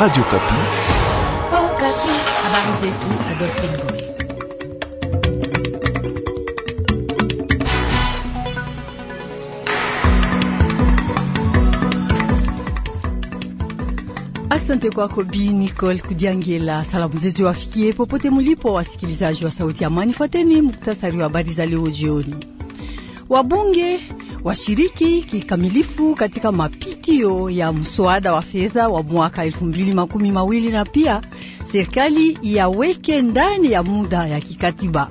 Radio Kapi. Oh, Kapi. Habari zetu Adolphe Ngoy. Asante kwako Bi Nicole Kudiangela. Salamu zetu wafikie popote mulipo, wasikilizaji wa Sauti ya Amani. Fuateni muktasari wa habari za leo jioni. Wabunge washiriki kikamilifu katika mapi mapitio ya mswada wa fedha wa mwaka elfu mbili makumi mawili na pia serikali yaweke ndani ya muda ya kikatiba,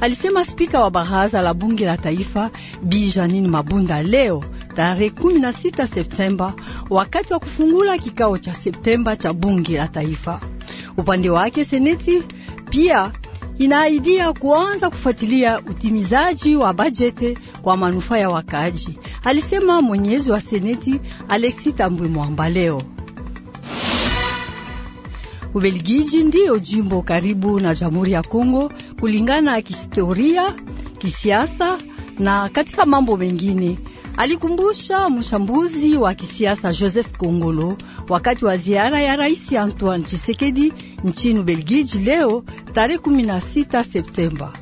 alisema spika wa baraza la bunge la taifa Bi Janine Mabunda leo tarehe 16 Septemba wakati wa kufungula kikao cha Septemba cha bunge la taifa. Upande wake seneti pia inaaidia kuanza kufuatilia utimizaji wa bajeti kwa manufaa ya wakaaji, alisema mwenyezi wa seneti Alexi Tambwe leo Ubelgiji ndiyo jimbo karibu na Jamhuri ya Kongo kulingana na kihistoria, kisiasa na katika mambo mengine, alikumbusha mshambuzi wa kisiasa Joseph Kongolo wakati wa ziara ya Rais Antoine Tshisekedi nchini Ubelgiji leo tarehe 16 Septemba.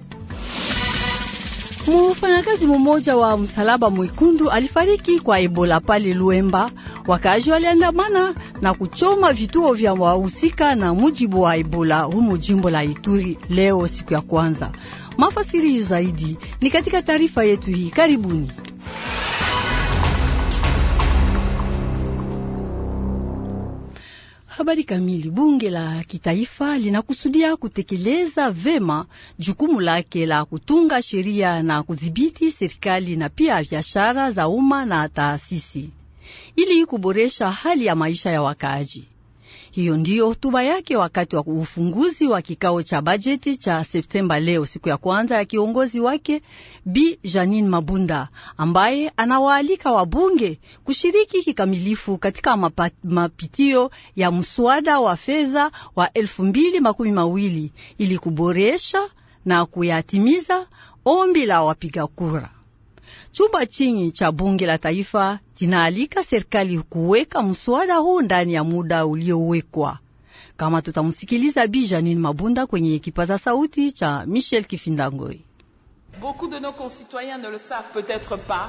Mfanyakazi mmoja wa Msalaba Mwekundu alifariki kwa Ebola pale Luemba. Wakazi waliandamana na kuchoma vituo vya wahusika na mujibu wa Ebola humo jimbo la Ituri leo siku ya kwanza. Mafasiri zaidi ni katika taarifa yetu hii. Karibuni. Habari kamili. Bunge la kitaifa linakusudia kutekeleza vema jukumu lake la kutunga sheria na kudhibiti serikali na pia biashara za umma na taasisi ili kuboresha hali ya maisha ya wakaaji. Hiyo ndiyo hotuba yake wakati wa ufunguzi wa kikao cha bajeti cha Septemba leo, siku ya kwanza ya kiongozi wake Bi Janine Mabunda, ambaye anawaalika wabunge kushiriki kikamilifu katika mapitio ya mswada wa fedha wa elfu mbili makumi mawili ili kuboresha na kuyatimiza ombi la wapiga kura. Chumba chinyi cha bunge la taifa kinaalika serikali kuweka mswada huu ndani ya muda uliowekwa, kama tutamsikiliza Bi Janine Mabunda kwenye kipaza sauti cha Michel Kifindangoi.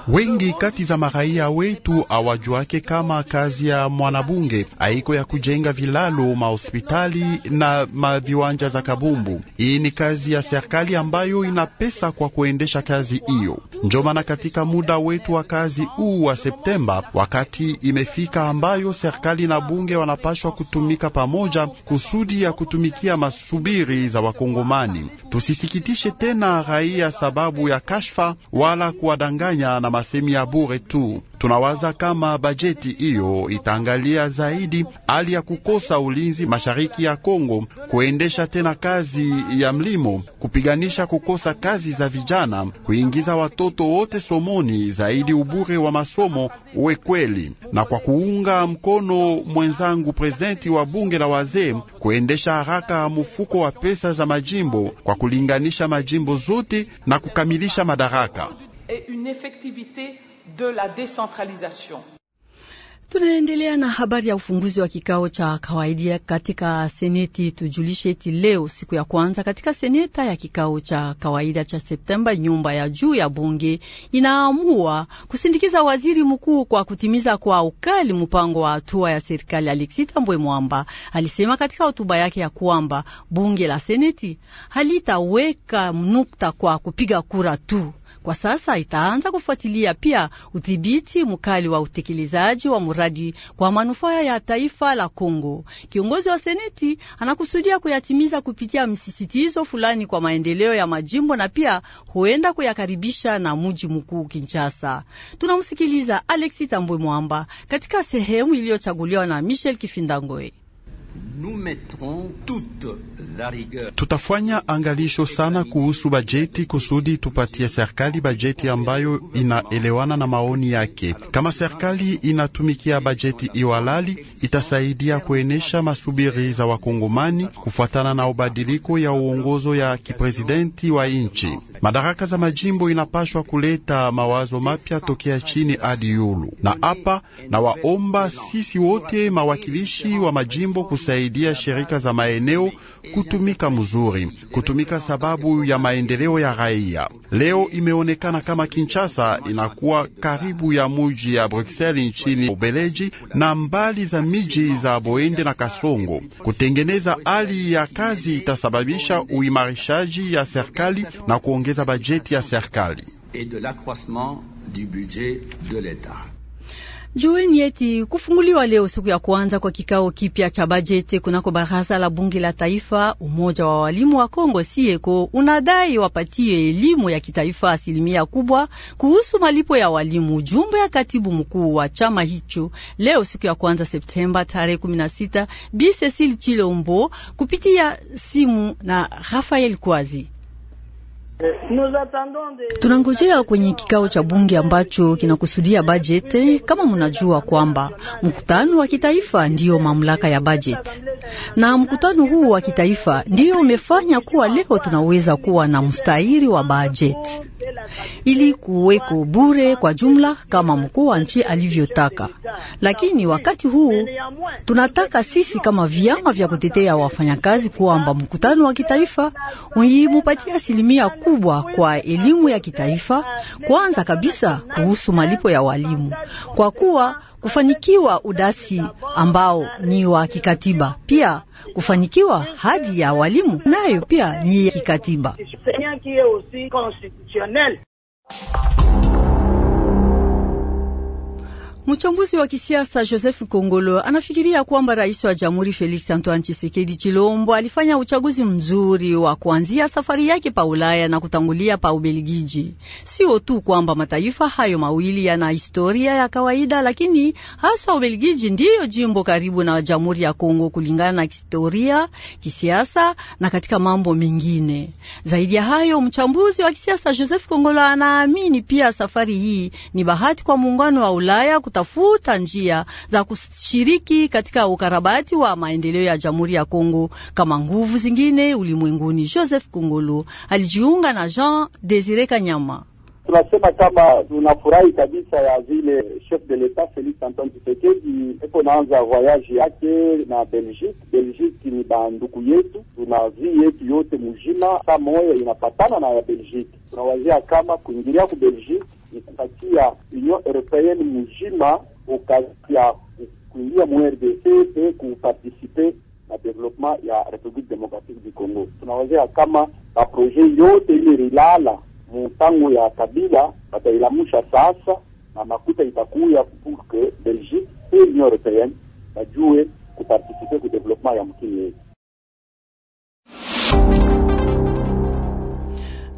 Wengi kati za maraia wetu awajuake kama kazi ya mwanabunge aiko ya kujenga vilalo, mahospitali na maviwanja za kabumbu. Hii ni kazi ya serikali ambayo ina pesa kwa kuendesha kazi hiyo. Ndio maana katika muda wetu wa kazi huu wa Septemba, wakati imefika ambayo serikali na bunge wanapashwa kutumika pamoja kusudi ya kutumikia masubiri za Wakongomani. Tusisikitishe tena raia sababu ya kashfa wala kuwadanganya na masemi ya bure tu. Tunawaza kama bajeti hiyo itaangalia zaidi hali ya kukosa ulinzi mashariki ya Kongo, kuendesha tena kazi ya mlimo, kupiganisha kukosa kazi za vijana, kuingiza watoto wote somoni, zaidi ubure wa masomo uwe kweli, na kwa kuunga mkono mwenzangu prezidenti wa bunge la wazee, kuendesha haraka mfuko wa pesa za majimbo kwa kulinganisha majimbo zote na kukamilisha madaraka de la décentralisation. Tunaendelea na habari ya ufunguzi wa kikao cha kawaida katika seneti. Tujulishe eti leo siku ya kwanza katika seneta ya kikao cha kawaida cha Septemba, nyumba ya juu ya bunge inaamua kusindikiza waziri mkuu kwa kutimiza kwa ukali mpango wa hatua ya serikali. Alexis Tambwe Mwamba alisema katika hotuba yake ya kwamba bunge la seneti halitaweka mnukta kwa kupiga kura tu kwa sasa itaanza kufuatilia pia udhibiti mkali wa utekelezaji wa mradi kwa manufaa ya taifa la Kongo. Kiongozi wa seneti anakusudia kuyatimiza kupitia msisitizo fulani kwa maendeleo ya majimbo na pia huenda kuyakaribisha na muji mkuu Kinshasa. Tunamsikiliza Alexi Tambwe Mwamba katika sehemu iliyochaguliwa na Michel Kifindangoe. Tutafanya angalisho sana kuhusu bajeti kusudi tupatie serikali bajeti ambayo inaelewana na maoni yake. Kama serikali inatumikia bajeti iwalali, itasaidia kuenesha masubiri za wakongomani kufuatana na ubadiliko ya uongozo ya kiprezidenti wa nchi. Madaraka za majimbo inapashwa kuleta mawazo mapya tokea chini hadi yulu, na hapa na waomba sisi wote mawakilishi wa majimbo kusaidia kusaidia shirika za maeneo kutumika mzuri, kutumika sababu ya maendeleo ya raia. Leo imeonekana kama Kinshasa inakuwa karibu ya muji ya Bruxelles nchini Ubeleji na mbali za miji za Boende na Kasongo. Kutengeneza hali ya kazi itasababisha uimarishaji ya serikali na kuongeza bajeti ya serikali. Jueni eti kufunguliwa leo siku ya kwanza kwa kikao kipya cha bajeti kunako baraza la bunge la taifa. Umoja wa walimu wa Kongo sieko unadai wapatie elimu ya kitaifa asilimia kubwa kuhusu malipo ya walimu. Jumbe ya katibu mkuu wa chama hicho leo siku ya kwanza Septemba tarehe 16, Bi Cecile Chilombo kupitia simu na Rafael Kwazi. Tunangojea kwenye kikao cha bunge ambacho kinakusudia bajeti. Kama mnajua kwamba mkutano wa kitaifa ndiyo mamlaka ya bajeti, na mkutano huu wa kitaifa ndiyo umefanya kuwa leo tunaweza kuwa na mstahiri wa bajeti ili kuweko bure kwa jumla, kama mkuu wa nchi alivyotaka lakini wakati huu tunataka sisi kama vyama vya kutetea wafanyakazi kuamba mkutano wa kitaifa uimupatia asilimia kubwa kwa elimu ya kitaifa, kwanza kabisa kuhusu malipo ya walimu, kwa kuwa kufanikiwa udasi ambao ni wa kikatiba, pia kufanikiwa hadi ya walimu nayo pia ni ya kikatiba. Mchambuzi wa kisiasa Joseph Kongolo anafikiria kwamba rais wa jamhuri Felix Antoine Chisekedi Chilombo alifanya uchaguzi mzuri wa kuanzia safari yake pa Ulaya na kutangulia pa Ubelgiji. Sio tu kwamba mataifa hayo mawili yana historia ya kawaida, lakini haswa Ubelgiji ndiyo jimbo karibu na jamhuri ya Kongo kulingana na historia, kisiasa na katika mambo mengine. Zaidi ya hayo, mchambuzi wa kisiasa Joseph Kongolo anaamini pia safari hii ni bahati kwa muungano wa Ulaya kutafuta njia za kushiriki katika ukarabati wa maendeleo ya Jamhuri ya Kongo kama nguvu zingine ulimwenguni. Joseph Kungulu alijiunga na Jean Desire Kanyama. Tunasema kama tunafurahi kabisa ya vile chef de l'etat Felix Antoine Tshisekedi eko naanza voyage yake na Belgique. Belgique ni banduku yetu, tuna vi yetu yote mujima, saa moya inapatana na ya Belgique. Tunawazia kama kuingilia ku Belgique ni kupatia Union européenne mzima ukazi ya kuingia muRDC pe kuparticipe na development ya Republique Democratique du Congo. Tunawazea kama maproje yote ile rilala mpango ya Kabila batailamusha sasa, na makuta itakuya pour que Belgique pe Union européenne bajue kuparticipe ku development ya mkini yetu.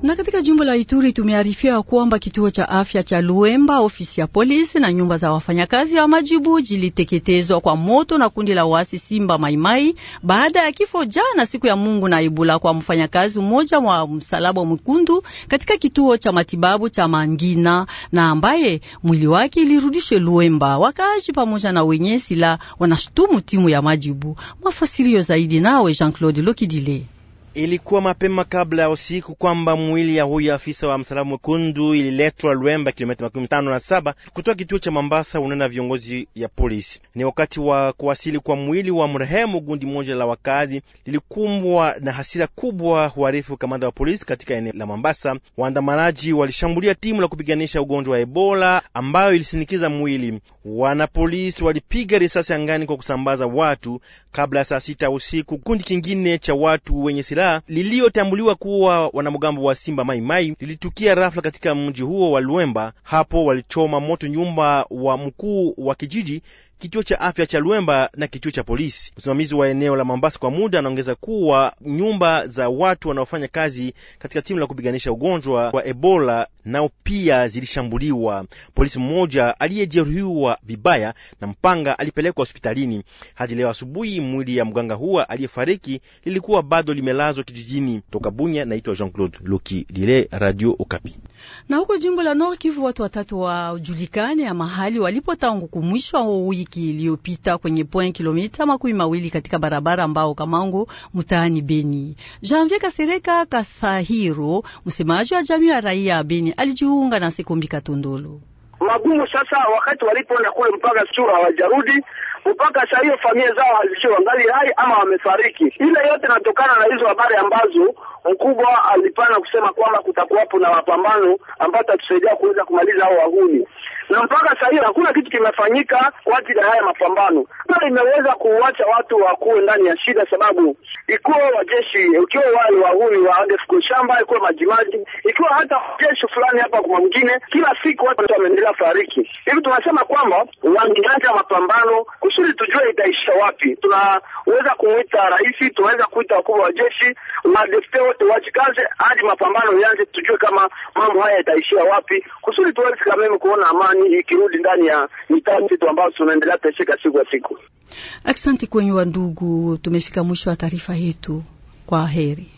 Na katika jimbo la Ituri tumearifiwa kwamba kituo cha afya cha Luemba, ofisi ya polisi na nyumba za wafanyakazi wa majibu jiliteketezwa kwa moto na kundi la wasi Simba Maimai baada ya kifo jana siku ya Mungu na Ibula kwa mfanyakazi mmoja wa Msalaba Mwekundu katika kituo cha matibabu cha Mangina na ambaye mwili wake ilirudishwe Luemba. Wakaaji pamoja na wenye sila wanashutumu timu ya majibu. Mafasirio zaidi nawe Jean-Claude Lokidile. Ilikuwa mapema kabla ya usiku kwamba mwili ya huyu afisa wa msalaba mwekundu ililetwa Lwemba, kilomita makumi tano na saba kutoka kituo cha Mambasa, unena viongozi ya polisi. Ni wakati wa kuwasili kwa mwili wa mrehemu, gundi moja la wakazi lilikumbwa na hasira kubwa, huarifu kamanda wa polisi katika eneo la Mambasa. Waandamanaji walishambulia timu la kupiganisha ugonjwa wa Ebola ambayo ilisinikiza mwili. Wanapolisi walipiga risasi angani kwa kusambaza watu. Kabla ya saa sita usiku, kundi kingine cha watu wenye silaha kadhaa liliyotambuliwa kuwa wanamgambo wa Simba Mai Mai lilitukia rafla katika mji huo wa Luemba. Hapo walichoma moto nyumba wa mkuu wa kijiji kituo cha afya cha Lwemba na kituo cha polisi. Msimamizi wa eneo la Mombasa kwa muda anaongeza kuwa nyumba za watu wanaofanya kazi katika timu la kupiganisha ugonjwa wa Ebola nao pia zilishambuliwa. Polisi mmoja aliyejeruhiwa vibaya na mpanga alipelekwa hospitalini. Hadi leo asubuhi, mwili ya mganga huwa aliyefariki lilikuwa bado limelazwa kijijini. Toka Bunya, naitwa Jean Claude Luki Lile, Radio Okapi. Na huko jimbo la Nord Kivu, watu watatu wajulikane ya mahali walipo tangu kumwishwa wiki wiki iliyopita kwenye point kilomita makumi mawili katika barabara ambao Kamango mtaani Beni. Janvier Kasereka Kasahiro, msemaji wa jamii ya raia ya Beni, alijiunga na Sekombi Katundulu. Magumu sasa, wakati walipoenda kule mpaka sura hawajarudi mpaka saa hiyo familia zao hazisho wangali hai ama wamefariki. Ile yote inatokana na hizo habari ambazo mkubwa alipana kusema kwamba kutakuwapo na mapambano ambayo tatusaidia kuweza kumaliza hao wahuni na mpaka sahii hakuna kitu kimefanyika kwa ajili ya haya mapambano. Hiyo imeweza kuwacha watu wakuwe ndani ya shida, sababu ikiwa wajeshi, ikiwa wale wa huyu wa ADF Kushamba, ikiwa majimaji, ikiwa hata jeshi fulani hapa kwa mwingine, kila siku watu wameendelea fariki hivi. Tunasema kwamba wangeacha mapambano kusudi tujue itaisha wapi. Tunaweza kumwita rais, tunaweza kuita wakubwa wa jeshi, madefte wote wajikaze hadi mapambano yanze, tujue kama mambo haya yataishia wapi kusudi tuweze kama kuona amani amani ikirudi ndani ya mitaa yetu ambayo tunaendelea kuteseka siku kwa siku. Asante kwenye wa ndugu, tumefika mwisho wa taarifa yetu. Kwa heri.